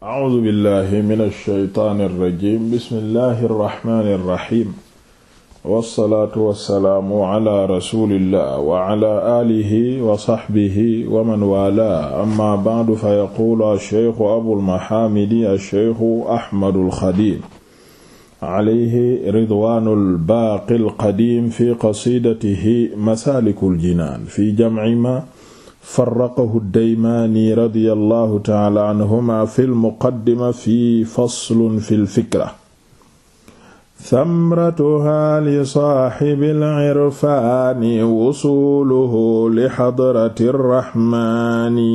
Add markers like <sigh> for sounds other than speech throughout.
a'uuzu billahi mina shaytaani rajiim bismillahi rahmaani rahiim wasalaatu wasalaamu ala rasulillah wa ala alihi wa saxbihi wa man waalaa amma ba'du fa yaquulu asheykhu abul mahaamidi asheykhu ahmadul xadiim alayhi ridwaanul baaqil qadiim fi qasiidatihi masaalikul jinaan fi jamci ma farraqahu daymaani radiyallahu taala anhuma fi lmuqaddima fi faslun fi lfikra thamratuha li saaxibi lirfaani wusuluhu li xadrati rraxmaani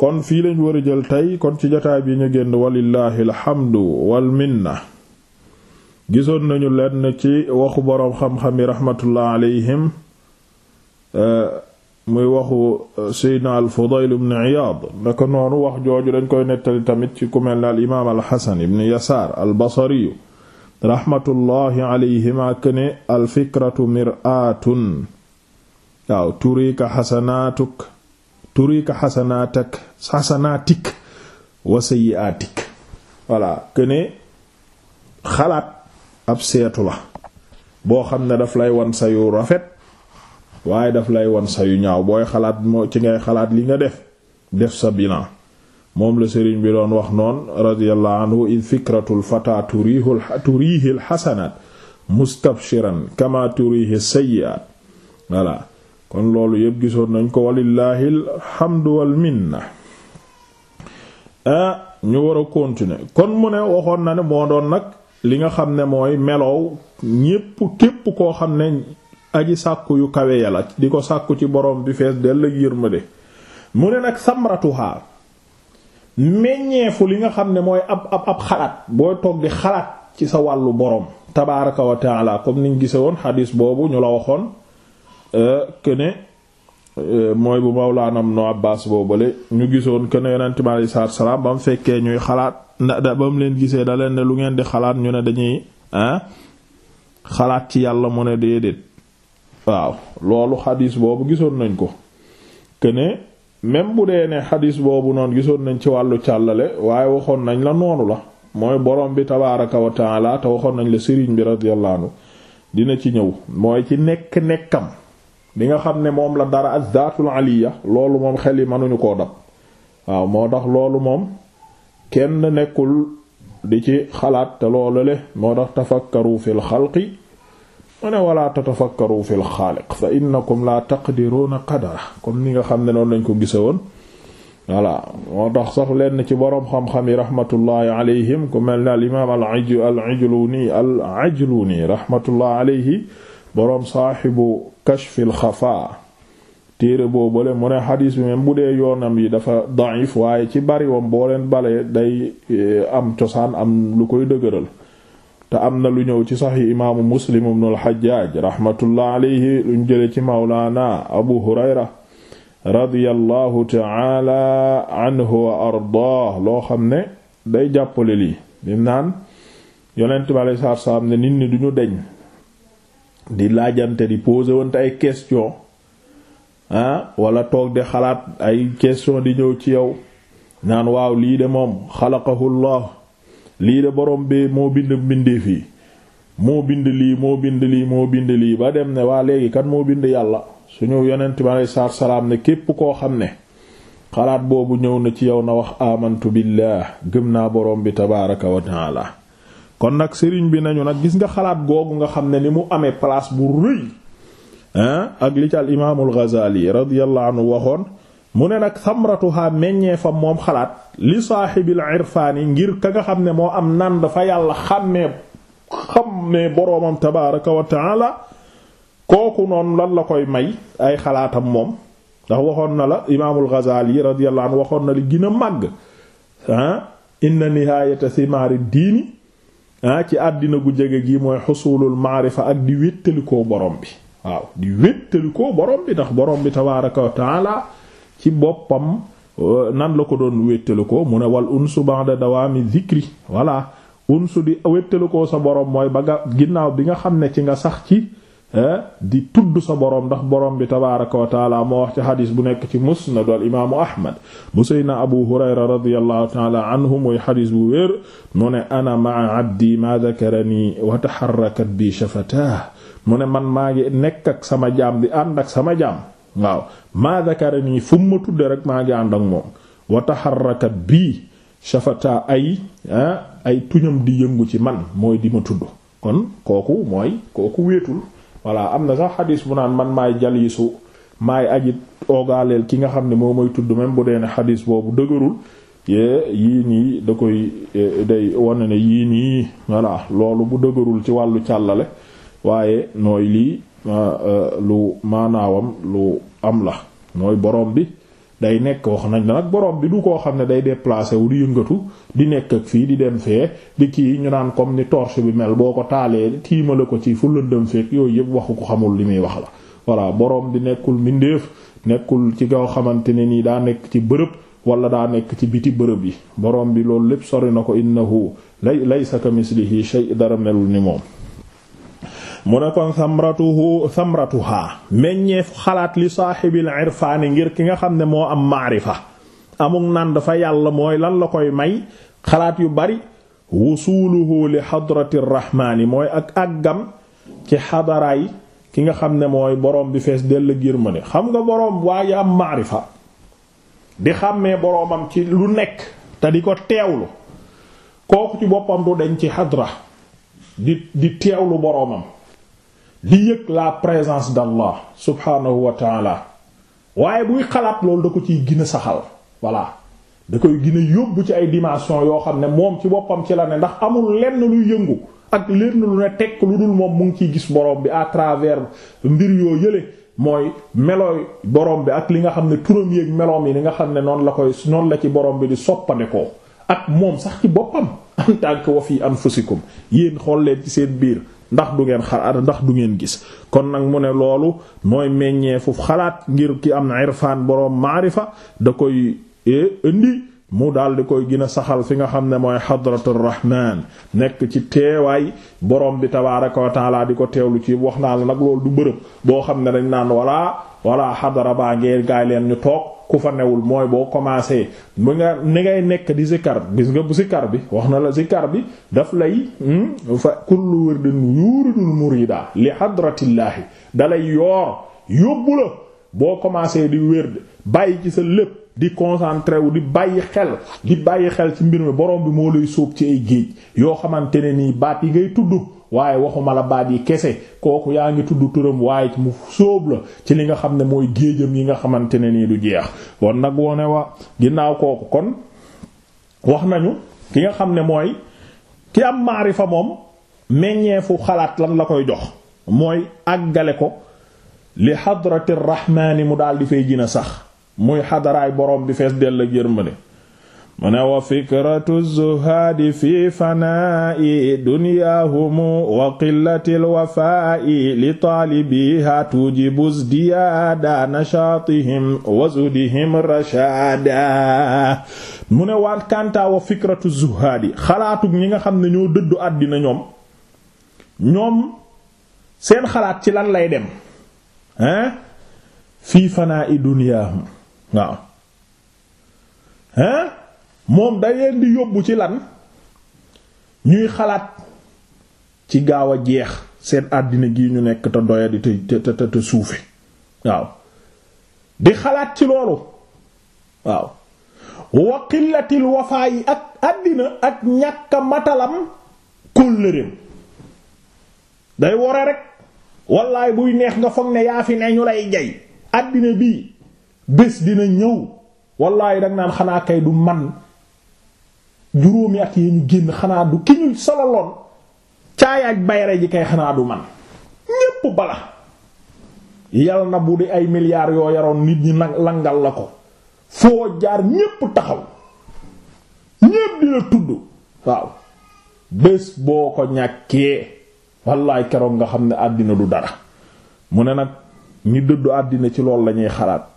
kon fii lañ war a jël tey kon ci jotaay bi ñu génn walillahi alxamdu walminna gisoon nañu lenn ci waxu boroom xam-xam yi raxmatullah alayhim muy waxu euh, seydna al fudayl ibn iyaad naka noonu wax jooju dañ koy nettali tamit ci ku mel ne al imaam al xasan ibn yasaar al basariyu raxmatullahi alayhima këne al fikratu miraatun waaw turika xasanaatik wa sayyiaatik voilà këne xalaat ab seetu la boo xam ne daf lay wan sayu rafet waaye daf lay wan sa yu ñaaw booy xalaat moo ci ngay xalaat li nga def def sa bilan moom la sëriñ bi doon wax noon radiyallahu anhu id fikratul fata turihu turihi alxasanaat mustabshiran kama turihi sayyi'at voilà kon loolu yépp gisoon nañ ko walillahi alhamdu wal minna ah ñu war a continuer kon mu ne waxoon na ne moo doon nag li nga xam ne mooy meloow ñépp képp koo xam ne aji sàkku yu kawe yàlla di ko sàkku ci borom bi fees dell ak yërmande mu ne nag samratuha meññeefu li nga xam ne mooy ab ab ab xalaat booy toog di xalaat ci sa wàllu borom tabaaraka wa taala comme niñ gise woon xadiis boobu ñu la waxoon këne euh, euh, mooy bu mawlaanam no Abbaas boobale ñu gisoon këne yonent bi alayhi salaatu salaam ba mu fekkee ñuy xalaat na da ba leen gisee da leen ne lu ngeen di xalaat ñu ne dañuy xalaat ci yàlla mu ne déedéet waaw loolu xadiis boobu gisoon nañ ko que ne même bu dee ne xadis boobu noonu gisoon nañ ci wàllu càllale waaye waxoon nañ la noonu la mooy boroom bi tabaaraka wa taala te waxoon nañ la sëriñ bi radiyallahu anhu dina ci ñëw mooy ci nekk nekkam bi nga xam ne moom la dara azzaatul aliya loolu moom xel yi mënuñu koo dab waaw moo tax loolu moom kenn nekkul di ci xalaat te loolu le moo tax tafakkaru fil xalqi mu ne wala tatafakkaru fil xaaliq fa innakum la taqdiruna qadara comme ni nga xam ne noonu lañ ko gisa woon voilà moo tax sax lenn ci boroom xam-xam yi rahmatullahi alayhim ku mel ne al imaam al ajluni al ajluni rahmatullahi boroom saaxibu kashfil xafa téere boobale mu ne xadiis bi même bu dee yoonam yi dafa daif waaye ci bariwam boo leen balee day eh, am cosaan am lu koy dëgëral te am na lu ñëw ci saxi imaamu muslim ibnu alxajaj raxmatullah alayhi luñ jële ci mawlaana abu hurayra radiyallahu taala anhu wa ardaah loo xam ne day jàppale lii di naan yonent bi aleyhi salaatu salaam ne nit ñi duñu deñ di laajante di poser wante ay question ah, wala toog de xalaat ay question di ñëw ci yow naan waaw lii de moom xalaqahu lii de borom bi moo bind mbindeef yi moo bind lii moo bind lii moo bind lii ba dem ne waa léegi kan moo bind yàlla suñu yonent bi aleyhi salaatu salaam ne képp koo xam ne xalaat boobu ñëw na ci yow na wax amantu billah gëm naa borom bi tabaaraka wa taala kon nag sëriñ bi nañu nag gis nga xalaat googu nga xam ne ni mu amee place bu rëy ah ak li ci al imaamul Ghazali radiyallahu waxoon mu ne nag samratuha meññee fa moom xalaat li saaxibil irfaan yi ngir ka nga xam ne moo am nànd fa yàlla xàmmee xàmmee boroomam tabaaraka wa taala kooku noonu lan la koy may ay xalaatam moom ndax waxoon na la imaamul Ghazali radiyallahu waxoon na li gina a màgg ah inna nihaayata simaari diini ah, ci àddina gu jege gi mooy xusulul maarifa ak di wéttalikoo borom bi waaw di wéttalikoo borom bi ndax borom bi tabaaraka wa taala ci boppam euh, nan la ko doon wéttale ko mu ne wal unsu ba'da dawaami zikri voilà unsu di wéttale ko sa borom mooy ba nga ginnaaw bi nga xam ne ci nga sax ci euh, di tudd sa borom ndax borom bi tabaaraka wa moo wax ci xadiis bu nekk ci musnadu al imaamu ahmad bu seydna abu hurayra radiyallahu taala mooy xadiis bu wér mu ne ana maa abdi maa dakarani wa taxarrakat bi shafatah mu ne man maa ngi nekk ak sama jaam di ànd ak sama jaam waaw maa dakara nii fu mu ma tuddee rek maa ngi ànd ak moom wa taxarrakat bii shafata ay ay tuñam di yëngu ci man mooy di ma tudd kon kooku mooy kooku wéetul voilà am na sax xadis bu naan man maay jalisu maay aji oogaaleel ki nga xam ne moo may tudd même bu dee ne xadis boobu dëgërul yii nii da koy e, day wane ne yii nii voilà loolu bu dëgërul ci wàllu càllale waaye nooy lii Euh, lu maanaawam lu am la mooy borom bi day nekk wax nañ la nag borom bi du koo xam ne day déplacé wu di yëngatu di nekk ak fii di dem fee di kii ñu naan comme ni torche bi mel boo ko taalee tiimale ko ci fu lëndëm feek yooyu yëpp waxu ko xamul li muy wax la voilà borom di nekkul mbindeef nekkul ci koo xamante ne nii daa nekk ci bërëb wala daa nekk ci biti bërëb yi borom bi loolu lépp sori na ko innahu lay laysa ka mislihi shay dara melul ni moom mu ne kon samratuhu samratuha meññeef xalaat li saaxibil irfaani ngir ki nga xam ne moo am maarifa amul naan dafa yàlla mooy lan la koy may xalaat yu bari wusuluhu li xadrati rahmaani mooy ak àggam ci xadaraay ki nga xam ne mooy borom bi fees dell giir ma xam nga borom waaye am maarifa di xàmmee boromam ci lu nekk te di ko teewlu kooku ci boppam dañ ci xadra di di teewlu boromam di yëg la présence d'Allah subhaanahu wa taala waaye buy xalaat loolu da ko ciy gën a saxal da koy gën yóbbu ci ay dimension yoo xam ne moom ci boppam ci la ne ndax amul lenn luy yëngu ak lenn lu ne tekk lu dul moom mu ngi ciy gis borom bi à travers mbir yoo yële mooy melooy borom bi ak li nga xam ne turam yeeg meloom yi li nga xam ne noonu la koy noonu la ci borom bi di soppandekoo ak moom sax ci boppam tànk <laughs> tant que wa fi anfusikum yéen xool leen ci seen biir ndax du ngeen xalaat ndax du ngeen gis kon nag mu ne loolu mooy meññee fu xalaat ngir ki am irfaan boroom maarifa da koy e, indi mu daal di koy gën a saxal fi nga xam ne mooy xadratur rahman nekk ci teewaay borom bi tabaaraka wa di ko teewlu ci wax naa la nag loolu du bërëb boo xam ne dañ naan wala wala xadara baa ngee gaay leen ñu toog ku fa newul mooy boo commencé mu nga ni ngay nekk di zikkar gis nga bu zikkar bi wax na la si zikkar bi daf lay hmm, fa kullu wirdin yuridul murida li hadratillaahi dalay yoor yóbbu la boo commencé di wérd bàyyi ci sa lépp di concentré wu di bàyyi xel di bàyyi xel ci mbir mi borom bi moo lay sóob ci ay géej yoo xamante ne nii baat yi ngay tudd waaye waxuma la baat yi kese kooku yaa ngi tudd turam waaye mu sóob la ci li nga xam ne mooy géejam yi nga xamante ne nii du jeex kon nag wone wa ginnaaw kooku kon wax nañu ki nga xam ne mooy ki am maarifa moom meññeefu xalaat lan la koy jox mooy àggale ko li hadratir rahmaani mu daal di fay gën a sax muy xadaraay borom bi fees dell ak yërmande mu ne wa fikratu zuhaadi fi fanaa'i duniyaahumu wa qillatil wafaa'i li taalibiha tujibu zdiyaada nashaatihim wa zudihim rashaada mu ne waan kanta wa fikratu zuhaadi xalaatug ñi nga xam ne ñoo dëddu àddina ñoom ñoom seen xalaat ci lan lay dem hein fi fanaa'i duniyaahumu waaw hein moom da leen di yóbbu ci lan ñuy xalaat ci gaaw a jeex seen àddina gi ñu nekk te doya di te te te suufe waaw di xalaat ci loolu waaw wa qillatil wafaa ak àddina ak ñàkka matalam kóllëreem day wore rek wallaay buy neex nga foog ne yaa fi ne ñu lay jay àddina bii bés dina ñëw wallaay danga naan xanaa kay du man juróomi at yi ñu génn xanaa du ki ñu sololoon caay ak kay xanaa du man ñépp bala yal na bu di ay milliards yoo yaroon nit ñi langal la ko foo jaar ñépp taxaw ñépp di tudd waaw bés boo ko ñàkkee wallaay keroog nga xam ne àddina du dara mu ne nag ñi dëddu àddina ci loolu lañuy xalaat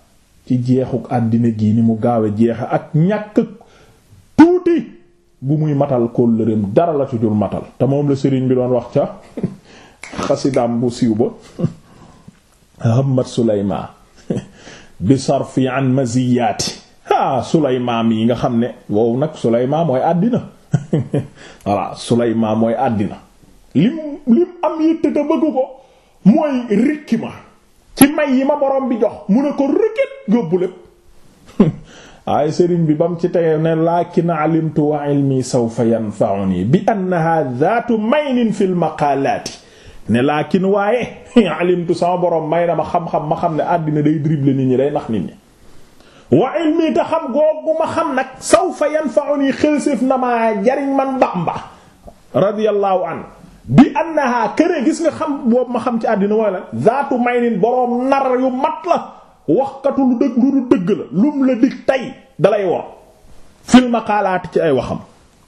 ci jeexuk àddina gii ni mu gaawe jeexe ak ñàkk tuuti bu muy matal kóllëreem dara la ci dul matal te moom la sëriñ bi doon wax ca <laughs> xasidaam bu siiw ba <laughs> hammat suleyman <laughs> bi sarfi maziyaati ah suleyman mi nga xam ne wow nag suleyman mooy àddina voilà suleyman mooy àddina lim lim am yitte te bëgg ko mooy rikki ma ci may yi ma borom bi jox mu ne ko rëkét yóbbu lépp waaye <laughs> sëriñ bi bam ci tege ne lakin alimtu wa ilmi sawfa yanfa'uni bi annaha zaatu maynin fil maqalaati ne laakin waaye <laughs> alimtu sama borom may na ma xam-xam ma xam ne àddina day dribble nit ñi day nax nit ñi wa ilmi te xam googu ma xam nag sawfa yanfa'uni xelséef na maa jariñ man Bamba radiyallahu anhu bi annaha këre gis nga xam boobu ma xam ci àddina mooy la zaatu may nin boroom nar yu mat la waxkatu lu dëgg lu dëgg la lum la dig tey dalay wor fil maqaalaati ci ay waxam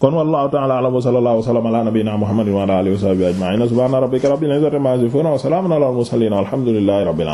kon wallahu ta'ala a'lam wa sallallahu wa sallama ala nabiyyina muhammadin wa ala alihi wa sahbihi ajma'in subhana rabbika rabbil izzati amma yasifun wa salamun ala al mursalin walhamdulillahi rabbil